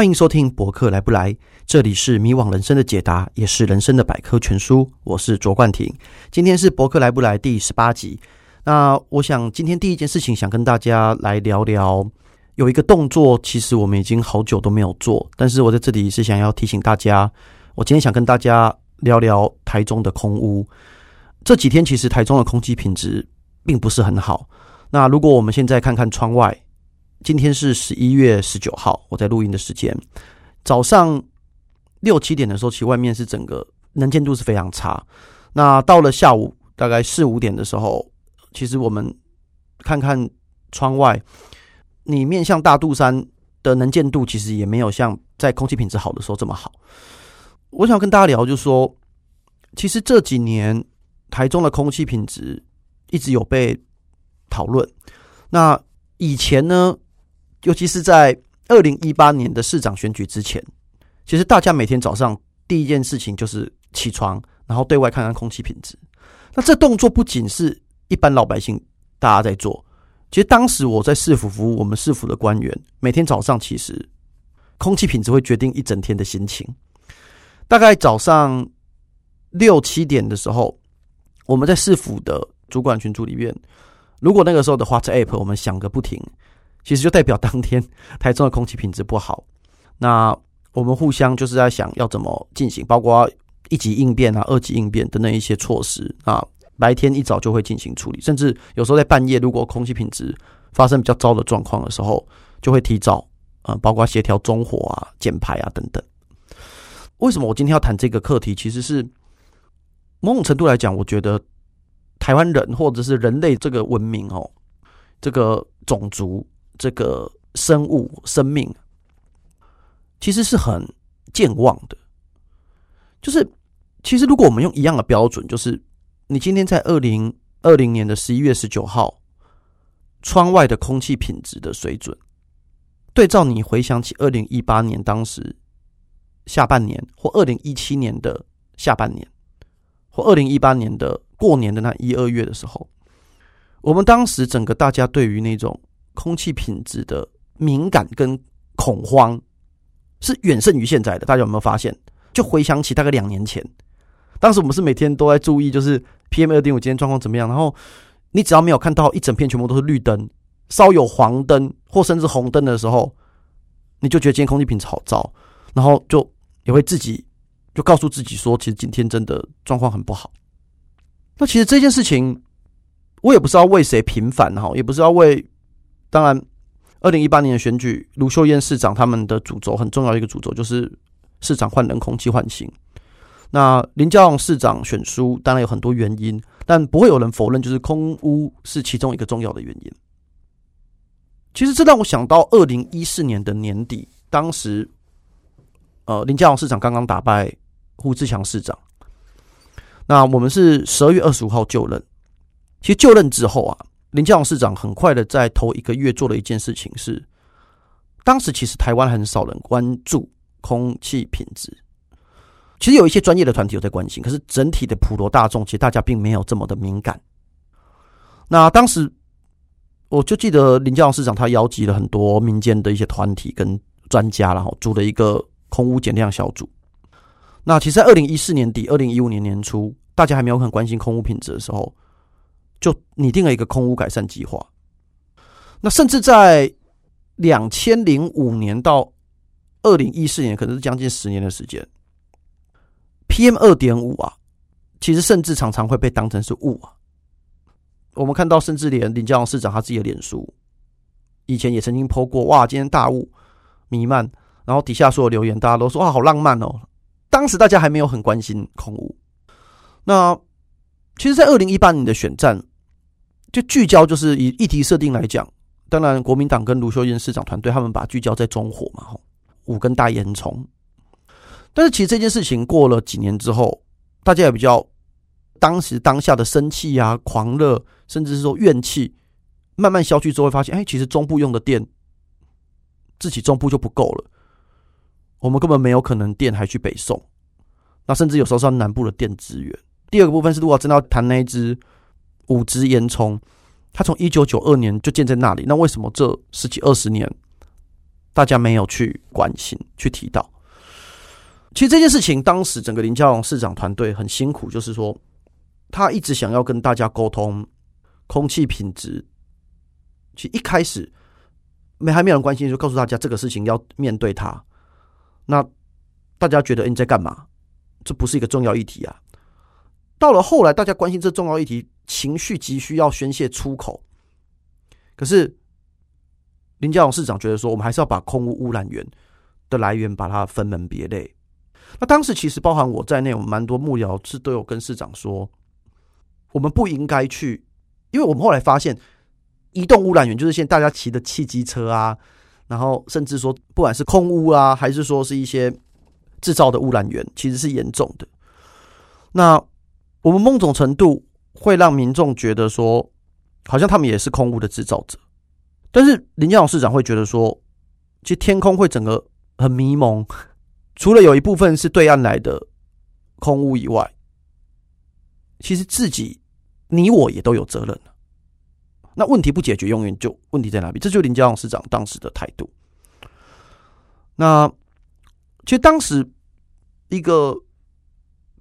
歡迎收聽柏克萊不來，這裡是迷惘人生的解答，也是人生的百科全書。我是卓冠廷，今天是柏克萊不來第十八集。那我想今天第一件事情，想跟大家來聊聊，有一個動作，其實我們已經好久都沒有做，但是我在這裡是想要提醒大家，我今天想跟大家聊聊台中的空污。這幾天其實台中的空氣品質並不是很好，那如果我們現在看看窗外。今天是十一月十九號，我在錄音的時間，早上六七點的時候，其實外面是整個能見度是非常差。那到了下午大概四五點的時候，其實我們看看窗外，你面向大肚山的能見度，其實也沒有像在空氣品質好的時候這麼好。我想跟大家聊，就是說，其實這幾年台中的空氣品質一直有被討論。那以前呢？尤其是在二零一八年的市長選舉之前，其實大家每天早上第一件事情就是起床，然後對外看看空氣品質。那這動作不僅是一般老百姓大家在做，其實當時我在市府服務，我們市府的官員每天早上其實空氣品質會決定一整天的心情。大概早上六七點的時候，我們在市府的主管群組裡面，如果那個時候的 WhatsApp 我們響個不停。其實就代表當天台中的空氣品質不好。那我們互相就是在想要怎麼進行，包括一級應變啊、二級應變等等一些措施啊。白天一早就會進行處理，甚至有時候在半夜，如果空氣品質發生比較糟的狀況的時候，就會提早啊、呃，包括協調中火啊、減排啊等等。為什麼我今天要談這個課題？其實是某種程度來講，我覺得台灣人或者是人類這個文明哦，這個種族。這個生物生命其實是很健忘的，就是其實如果我們用一樣的標準，就是你今天在二零二零年的十一月十九號，窗外的空氣品質的水準，對照你回想起二零一八年當時下半年，或二零一七年的下半年，或二零一八年的過年的那一二月的時候，我們當時整個大家對於那種。空氣品質的敏感跟恐慌，是遠勝於現在的。大家有沒有發現？就回想起大概兩年前，當時我們是每天都在注意，就是 PM 二點五今天狀況怎麼樣。然後你只要沒有看到一整片全部都是綠燈，稍有黃燈或甚至紅燈的時候，你就覺得今天空氣品質好糟，然後就也會自己就告訴自己說，其實今天真的狀況很不好。那其實這件事情，我也不知道為誰平反哈，也不知道為。當然，二零一八年的選舉，盧秀燕市長他們的主軸很重要一個主軸就是市長換人，空氣換新。那林佳龍市長選輸當然有很多原因，但不會有人否認，就是空污是其中一個重要的原因。其實這讓我想到二零一四年的年底，當時呃林佳龍市長剛剛打敗胡志強市長，那我們是十二月二十五號就任，其實就任之後啊。林佳龍市長很快的在頭一個月做了一件事情，是當時其實台灣很少人關注空氣品質，其實有一些專業的團體有在關心，可是整體的普羅大眾其實大家並沒有這麼的敏感。那當時我就記得林佳龍市長他邀集了很多民間的一些團體跟專家，然後組了一個空污減量小組。那其實在二零一四年底、二零一五年年初，大家還沒有很關心空污品質的時候，就擬定了一個空污改善計劃。那甚至在兩千零五年到二零一四年，可能是將近十年的時間，P M 二點五啊，其實甚至常常會被當成是霧啊。我們看到，甚至連林佳龍市長他自己的臉書，以前也曾經 po 過，哇，今天大霧瀰漫，然後底下所有留言大家都說，哇，好浪漫哦。當時大家還沒有很關心空污，那其實，在二零一八年的選戰。就聚焦，就是以議題設定來講，當然國民黨跟盧秀燕市長團隊他們把聚焦在中火嘛，吼，五根大煙囪。但是其實這件事情過了幾年之後，大家也比較當時當下的生氣啊、狂熱，甚至是說怨氣，慢慢消去之後，會發現哎、欸，其實中部用的電自己中部就不夠了，我們根本沒有可能電還去北送，那甚至有時候是南部的電資源。第二個部分是，如果真的要談那一支。五隻煙囪，它從一九九二年就建在那裡。那為什麼這十幾二十年大家沒有去關心、去提到？其實這件事情，當時整個林佳龍市長團隊很辛苦，就是說他一直想要跟大家溝通空氣品質。其實一開始沒還沒有人關心，就告訴大家這個事情要面對它。那大家覺得你在幹嘛？這不是一個重要議題啊！到了後來，大家關心這重要議題，情緒急需要宣洩出口。可是林佳龍市長覺得說，我們還是要把空污污染源的來源把它分門別類。那當時其實包含我在內，我們蠻多幕僚是都有跟市長說，我們不應該去，因為我們後來發現，移動污染源就是現在大家騎的汽機車啊，然後甚至說不管是空污啊，還是說是一些製造的污染源，其實是嚴重的。那我們某種程度會讓民眾覺得說，好像他們也是空污的制造者，但是林佳龍市長會覺得說，其實天空會整個很迷蒙，除了有一部分是對岸來的空污以外，其實自己你我也都有責任。那問題不解決，永遠就問題在哪裡？這就是林佳龍市長當時的態度。那其實當時一個。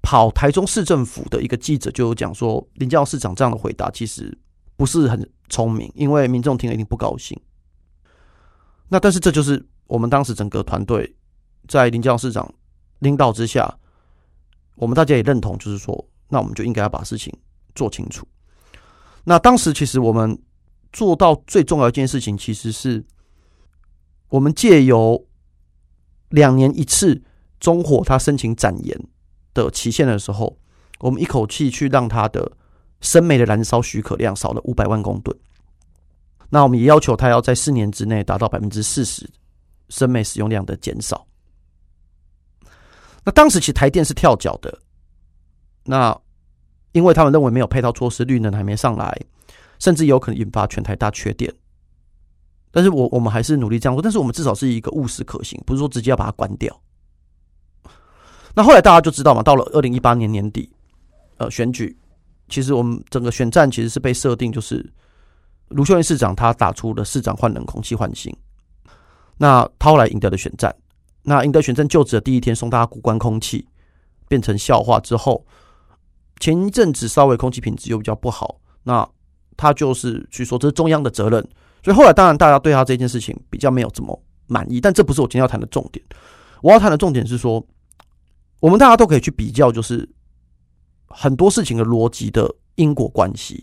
好，台中市政府的一個記者就有講說，林佳龍市長這樣的回答其實不是很聰明，因為民眾聽了一定不高興。那但是這就是我們當時整個團隊在林佳龍市長領導之下，我們大家也認同，就是說，那我們就應該要把事情做清楚。那當時其實我們做到最重要一件事情，其實是我們借由兩年一次中火，他申請展延。的期限的時候，我們一口氣去讓它的生煤的燃燒許可量少了五百萬公噸。那我們也要求他要在四年之內達到百分之四十生煤使用量的減少。那當時其實台電是跳腳的，那因為他們認為沒有配套措施，綠能還沒上來，甚至有可能引發全台大缺電。但是我我們還是努力這樣做，但是我們至少是一個務實可行，不是說直接要把它關掉。那後來大家就知道嘛，到了二零一八年年底，呃，選舉，其實我們整個選戰其實是被設定就是盧秀燕市長他打出了市長換人空氣換新，那他後來贏得的選戰，那贏得選戰就職的第一天送大家谷關空氣變成笑話之後，前一陣子稍微空氣品質又比較不好，那他就是去說這是中央的責任，所以後來當然大家對他這件事情比較沒有怎麼滿意，但這不是我今天要談的重點，我要談的重點是說。我們大家都可以去比較，就是很多事情的邏輯的因果關係。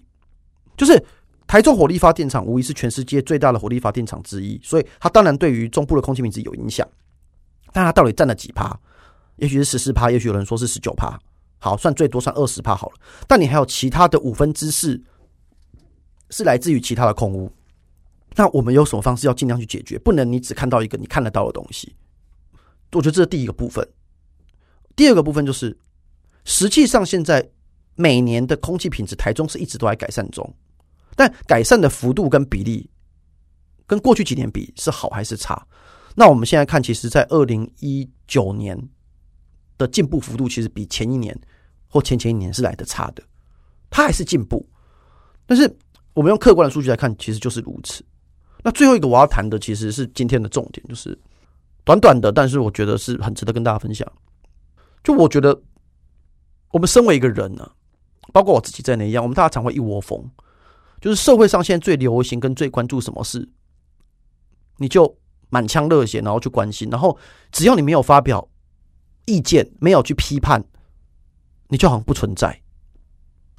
就是台中火力發電廠無疑是全世界最大的火力發電廠之一，所以它當然對於中部的空氣品質有影響。但它到底占了幾趴？也許是十四趴，也許有人說是十九趴，好，算最多算二十趴好了。但你還有其他的五分之四是來自於其他的空污。那我們有什麼方式要儘量去解決？不能你只看到一個你看得到的東西。我覺得這是第一個部分。第二個部分就是，實際上現在每年的空氣品質，台中是一直都在改善中，但改善的幅度跟比例，跟過去幾年比是好還是差？那我們現在看，其實，在二零一九年的進步幅度，其實比前一年或前前一年是來得差的。它還是進步，但是我們用客觀的數據來看，其實就是如此。那最後一個我要談的，其實是今天的重點，就是短短的，但是我覺得是很值得跟大家分享。就我覺得，我們身為一個人呢、啊，包括我自己在內一樣，我們大家常會一窩蜂。就是社會上現在最流行跟最關注什麼事，你就滿腔熱血，然後去關心。然後只要你沒有發表意見，沒有去批判，你就好像不存在。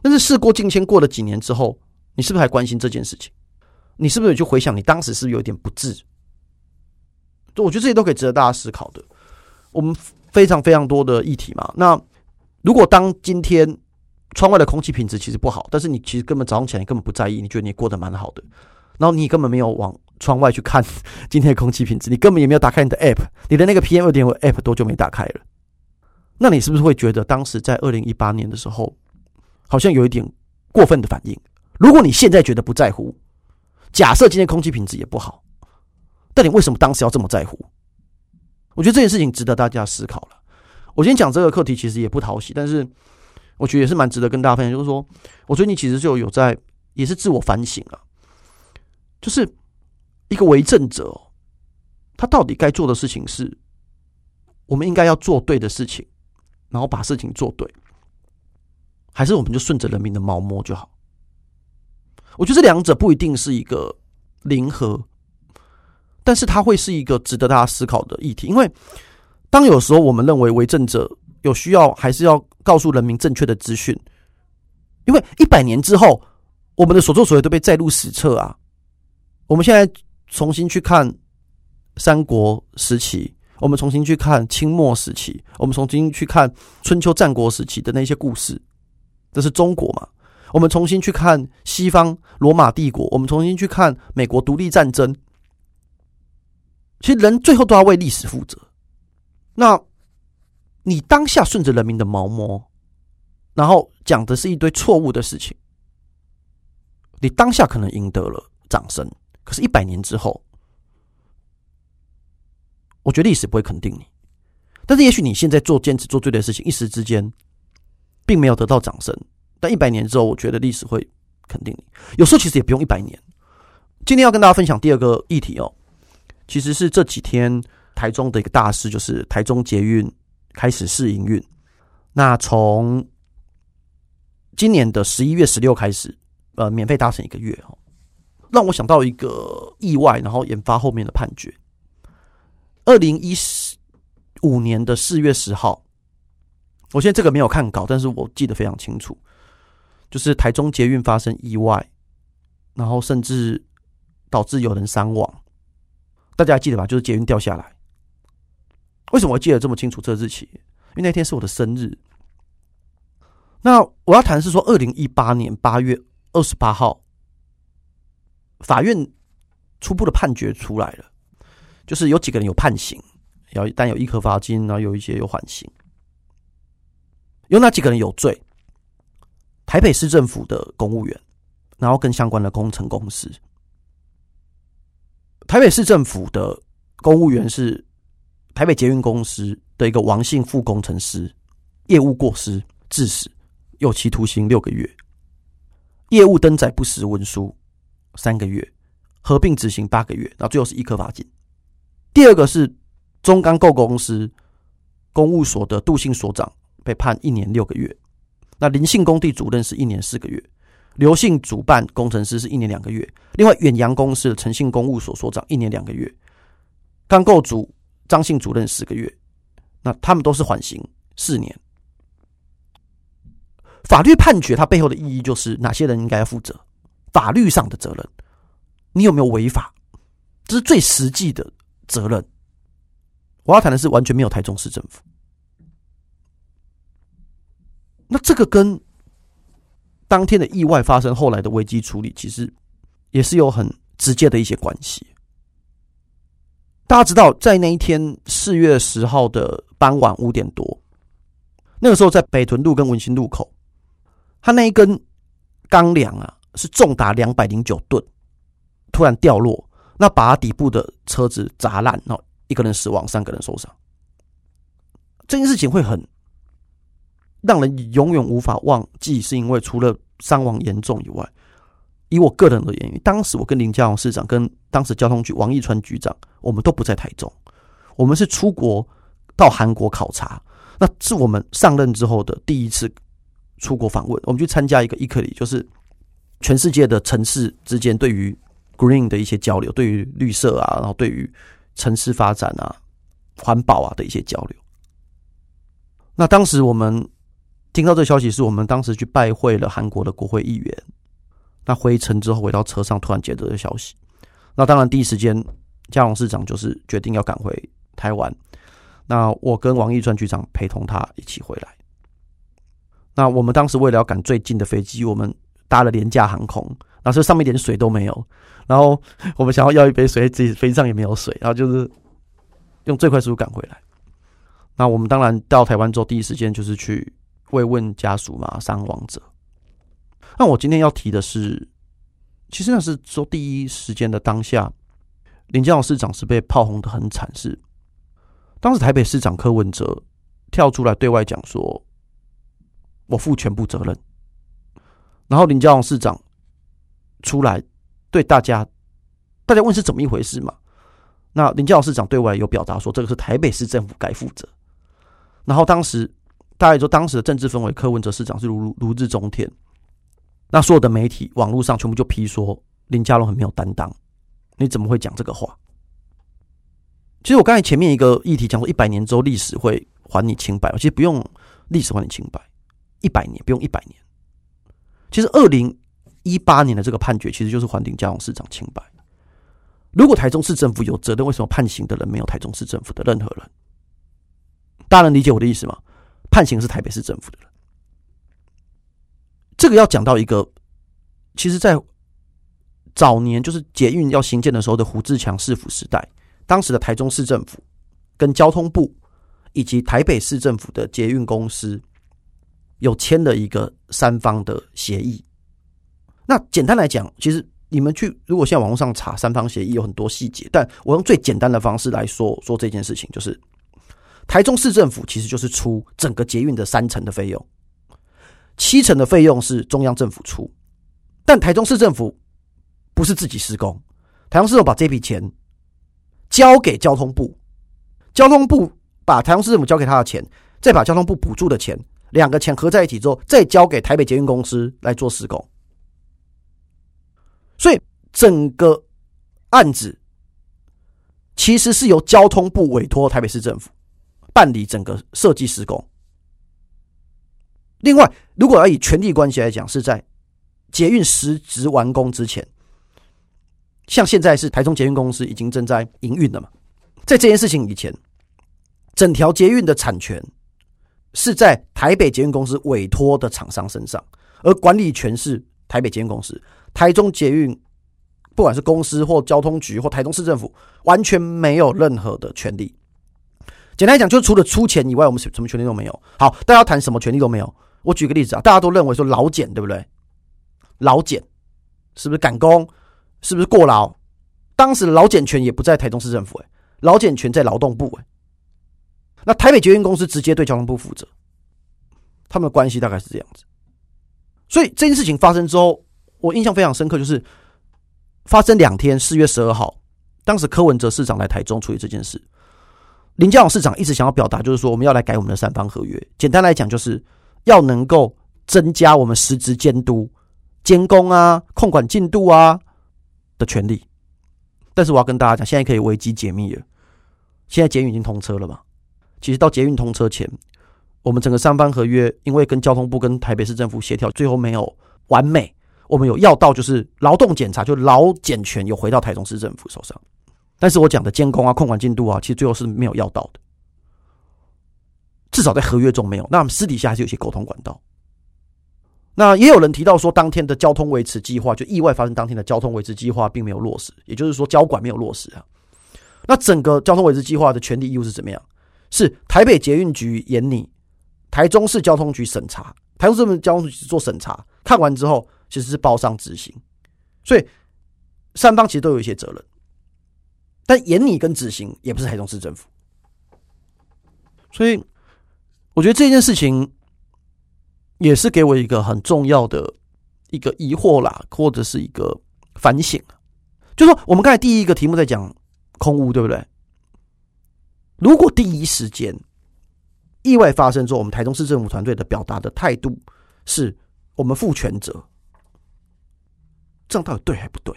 但是事過境遷，過了幾年之後，你是不是還關心這件事情？你是不是有去回想你當時是不是有點不智？就我覺得這些都可以值得大家思考的。我們。非常非常多的議題嘛。那如果當今天窗外的空氣品質其實不好，但是你其實根本早上起來你根本不在意，你覺得你過得蠻好的，然後你根本沒有往窗外去看 今天的空氣品質，你根本也沒有打開你的 app，你的那個 PM 二點五 app 多久沒打開了？那你是不是會覺得當時在二零一八年的時候，好像有一點過分的反應？如果你現在覺得不在乎，假設今天空氣品質也不好，但你為什麼當時要這麼在乎？我覺得這件事情值得大家思考了。我今天講這個課題其實也不討喜，但是我覺得也是蠻值得跟大家分享。就是說，我最近其實就有在也是自我反省了、啊，就是一個為政者，他到底該做的事情是，我們應該要做對的事情，然後把事情做對，還是我們就順着人民的毛摸就好？我覺得這兩者不一定是一個零和。但是它會是一個值得大家思考的議題，因為當有時候我們認為為政者有需要，還是要告訴人民正確的資訊。因為一百年之後，我們的所作所為都被載入史冊啊！我們現在重新去看三國時期，我們重新去看清末時期，我們重新去看春秋戰國時期的那些故事，這是中國嘛？我們重新去看西方羅馬帝國，我們重新去看美國獨立戰爭。其實人最後都要為歷史負責。那你當下順着人民的毛摸，然後講的是一堆錯誤的事情，你當下可能贏得了掌聲，可是，一百年之後，我覺得歷史不會肯定你。但是，也許你現在做堅持做對的事情，一時之間並沒有得到掌聲，但一百年之後，我覺得歷史會肯定你。有時候，其實也不用一百年。今天要跟大家分享第二個議題喔。其實是這幾天台中的一個大事，就是台中捷運開始試營運。那從今年的十一月十六開始，呃，免費搭乘一個月哦，讓我想到一個意外，然後引發後面的判決。二零一五年的四月十號，我現在這個沒有看稿，但是我記得非常清楚，就是台中捷運發生意外，然後甚至導致有人傷亡。大家還記得吧？就是捷運掉下來，為什麼我記得這麼清楚這日期？因為那天是我的生日。那我要談是說，二零一八年八月二十八號，法院初步的判決出來了，就是有幾個人有判刑，然但有一科罰金，然後有一些有緩刑。有哪幾個人有罪？台北市政府的公務員，然後跟相關的工程公司。台北市政府的公務員是台北捷運公司的一個王姓副工程師，業務過失致死，有期徒刑六個月；業務登載不實文書三個月，合併執行八個月，然後最後是一科罰金。第二個是中鋼構公司公務所的杜姓所長被判一年六個月，那林姓工地主任是一年四個月。劉姓主辦工程師是一年兩個月，另外遠洋公司的誠信公務所所長一年兩個月，鋼構組張姓主任十個月，那他們都是緩刑四年。法律判決它背後的意義就是哪些人應該要負責，法律上的責任，你有沒有違法，這是最實際的責任。我要談的是完全沒有台中市政府，那這個跟。當天的意外發生，後來的危機處理其實也是有很直接的一些關係。大家知道，在那一天四月十號的傍晚五點多，那個時候在北屯路跟文心路口，他那一根鋼梁啊，是重達兩百零九噸，突然掉落，那把底部的車子砸爛，然後一個人死亡，三個人受傷。這件事情會很。讓人永遠無法忘記，是因為除了傷亡嚴重以外，以我個人的原因，當時我跟林佳龍市長、跟當時交通局王義川局長，我們都不在台中，我們是出國到韓國考察，那是我們上任之後的第一次出國訪問。我們去參加一個 ICLEI，就是全世界的城市之間對於 Green 的一些交流，對於綠色啊，然後對於城市發展啊、環保啊的一些交流。那當時我們。聽到這消息，是我們當時去拜會了韓國的國會議員。那回程之後，回到車上，突然接到的消息。那當然，第一時間，佳龍市長就是決定要趕回台灣。那我跟王義川局長陪同他一起回來。那我們當時為了要趕最近的飛機，我們搭了廉價航空，那時上面一點水都沒有。然後我們想要要一杯水，這飛機上也沒有水，然後就是用最快速度趕回來。那我們當然到台灣之後，第一時間就是去。慰問家屬嘛，傷亡者。那我今天要提的是，其實那是說第一時間的當下，林佳龍市長是被炮轟的很慘，是當時台北市長柯文哲跳出來對外講說，我負全部責任。然後林佳龍市長出來對大家，大家問是怎麼一回事嘛？那林佳龍市長對外有表達說，這個是台北市政府該負責。然後當時。大家大概說，當時的政治氛圍，柯文哲市長是如如日中天。那所有的媒體、網絡上全部就批說林佳龍很沒有擔當，你怎麼會講這個話？其實我剛才前面一個議題講說，一百年之後歷史會還你清白，其實不用歷史還你清白，一百年不用一百年。其實二零一八年的這個判決，其實就是還林佳龍市長清白。如果台中市政府有責任，為什麼判刑的人沒有台中市政府的任何人？大家能理解我的意思嗎？判刑是台北市政府的人，這個要講到一個，其實，在早年就是捷運要興建的時候的胡志強市府時代，當時的台中市政府跟交通部以及台北市政府的捷運公司有簽了一個三方的協議。那簡單來講，其實你們去如果現在網絡上查三方協議有很多細節，但我用最簡單的方式來說說這件事情，就是。台中市政府其實就是出整個捷運的三成的費用，七成的費用是中央政府出，但台中市政府不是自己施工，台中市政府把這筆錢交給交通部，交通部把台中市政府交給他的錢，再把交通部補助的錢，兩個錢合在一起之後，再交給台北捷運公司來做施工，所以整個案子其實是由交通部委託台北市政府。辦理整個設計施工。另外，如果要以權力關係來講，是在捷運實質完工之前，像現在是台中捷運公司已經正在營運了嘛？在這件事情以前，整條捷運的產權是在台北捷運公司委托的廠商身上，而管理權是台北捷運公司。台中捷運不管是公司或交通局或台中市政府，完全沒有任何的權利，簡單來講，就是除了出錢以外，我們什麼權利都沒有。好，大家談什麼權利都沒有。我舉個例子啊，大家都認為說勞檢對不對？勞檢是不是趕工？是不是過勞？當時勞檢權也不在台中市政府，誒勞檢權在勞動部、欸，誒那台北捷運公司直接對交通部負責，他們的關係大概是這樣子。所以這件事情發生之後，我印象非常深刻，就是發生兩天，四月十二號，當時柯文哲市長來台中處理這件事。林佳龍市長一直想要表達，就是說我們要來改我們的三方合約。簡單來講，就是要能夠增加我們實質監督、監工啊、控管進度啊的權利。但是我要跟大家講，現在可以危機解密了。現在捷運已經通車了嘛？其實到捷運通車前，我們整個三方合約，因為跟交通部跟台北市政府協調，最後沒有完美。我們有要到就是勞動檢查，就勞檢權有回到台中市政府手上。但是我講的監控啊、控管進度啊，其實最後是沒有要到的，至少在合約中沒有。那我們私底下還是有些溝通管道。那也有人提到說，當天的交通維持計劃就意外發生，當天的交通維持計劃並沒有落實，也就是說交管沒有落實啊。那整個交通維持計劃的權利義務是怎麼樣？是台北捷運局研擬，台中市交通局審查，台中市交通局做審查，看完之後其實是報上執行，所以三方其實都有一些責任。但研擬跟執行也不是台中市政府，所以我覺得這件事情也是給我一個很重要的一個疑惑啦，或者是一個反省。就說我們剛才第一個題目在講空污，對不對？如果第一時間意外發生，說我們台中市政府團隊的表達的態度是我們負全責，這樣到底對還不對？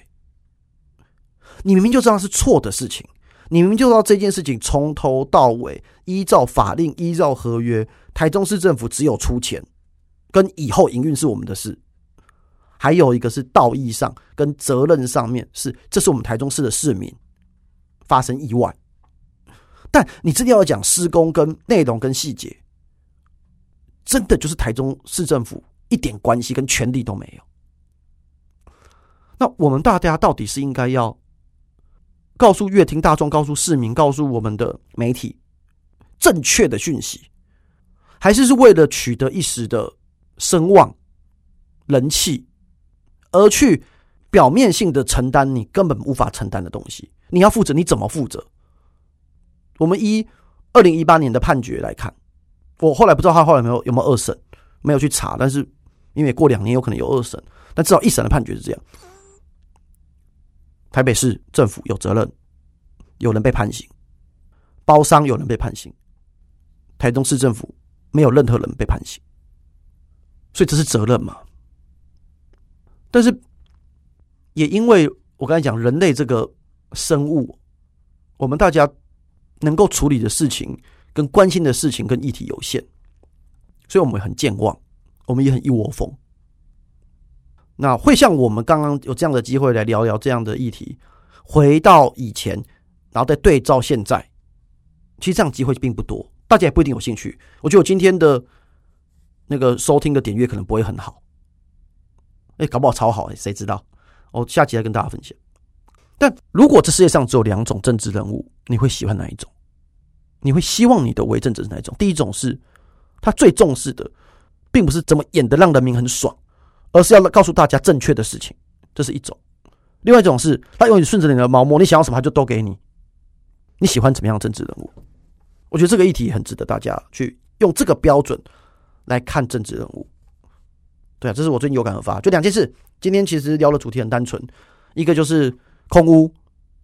你明明就知道是錯的事情，你明明就知道這件事情從頭到尾依照法令、依照合約，台中市政府只有出錢，跟以後營運是我們的事。還有一個是道義上跟責任上面是，這是我們台中市的市民發生意外。但你真的要講施工跟內容跟細節，真的就是台中市政府一點關係跟權利都沒有。那我們大家到底是應該要？告訴閱聽大眾，告訴市民，告訴我們的媒體，正確的訊息，還是是為了取得一時的聲望、人氣，而去表面性的承擔你根本無法承擔的東西？你要負責，你怎麼負責？我們以二零一八年的判決來看，我後來不知道他後來沒有有沒有二審，沒有去查，但是因為過兩年有可能有二審，但至少一審的判決是這樣。台北市政府有責任，有人被判刑，包商有人被判刑，台中市政府沒有任何人被判刑，所以這是責任嘛？但是，也因為我剛才講人類這個生物，我們大家能夠處理的事情跟關心的事情跟議題有限，所以我們很健忘，我們也很一窩蜂。那會像我們剛剛有這樣的機會來聊聊這樣的議題，回到以前，然後再對照現在，其實這樣的機會並不多，大家也不一定有興趣。我覺得我今天的那個收聽的點閱可能不會很好，哎，搞不好超好，欸，誰知道？我下集再跟大家分享。但如果這世界上只有兩種政治人物，你會喜歡哪一種？你會希望你的為政者是哪一種？第一種是，他最重視的，並不是怎麼演得讓人民很爽。而是要告訴大家正確的事情，這是一種；另外一種是，他用你順着你的毛摸，你想要什麼他就都給你。你喜歡怎麼樣政治人物？我覺得這個議題很值得大家去用這個標準來看政治人物。對啊，這是我最近有感而發。就兩件事，今天其實聊的主題很單純，一個就是空污。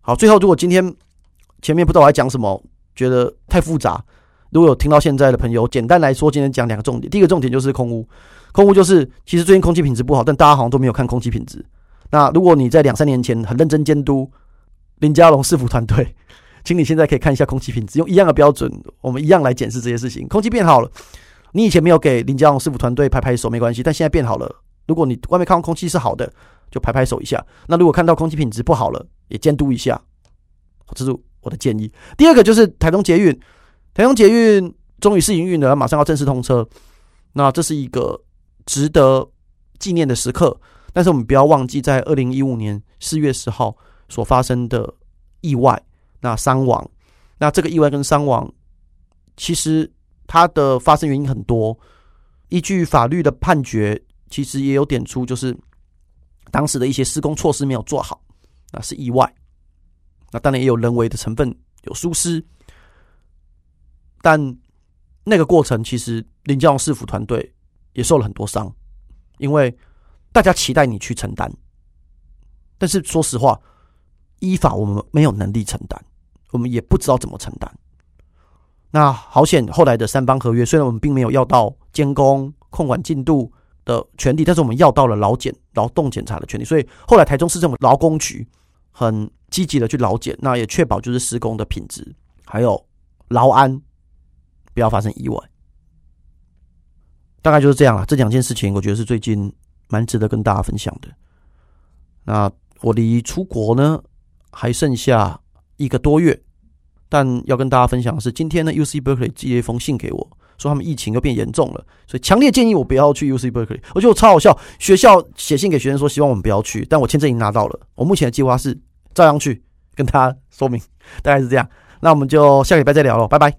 好，最後如果今天前面不知道我在講什麼，覺得太複雜。如果有聽到現在的朋友，簡單來說，今天講兩個重點。第一個重點就是空污，空污就是其實最近空氣品質不好，但大家好像都沒有看空氣品質。那如果你在兩三年前很認真監督林佳龍市府團隊，請你現在可以看一下空氣品質，用一樣的標準，我們一樣來檢視這些事情。空氣變好了，你以前沒有給林佳龍市府團隊拍拍手沒關係，但現在變好了，如果你外面看空氣是好的，就拍拍手一下。那如果看到空氣品質不好了，也監督一下，這是我的建議。第二個就是台中捷運。台中捷運終於試營運了，馬上要正式通車，那這是一個值得紀念的時刻。但是我們不要忘記，在二零一五年四月十號所發生的意外，那傷亡，那這個意外跟傷亡，其實它的發生原因很多。依據法律的判決，其實也有點出，就是當時的一些施工措施沒有做好，那是意外。那當然也有人為的成分，有疏失。但那個過程，其實林佳龍市府團隊也受了很多傷，因為大家期待你去承擔。但是說實話，依法我們沒有能力承擔，我們也不知道怎麼承擔。那好險後來的三方合約，雖然我們並沒有要到監工、控管進度的權利，但是我們要到了勞檢、勞動檢查的權利。所以後來台中市政府勞工局很積極的去勞檢，那也確保就是施工的品質，還有勞安。不要發生意外，大概就是這樣了。這兩件事情，我覺得是最近蠻值得跟大家分享的。那我離出國呢，還剩下一個多月，但要跟大家分享的是，今天呢，UC Berkeley 寄了一封信給我說，他們疫情又變嚴重了，所以強烈建議我不要去 UC Berkeley。我覺得我超好笑，學校寫信給學生說希望我們不要去，但我簽證已經拿到了。我目前的計劃是照樣去，跟大家說明，大概是這樣。那我們就下禮拜再聊嘍，拜拜。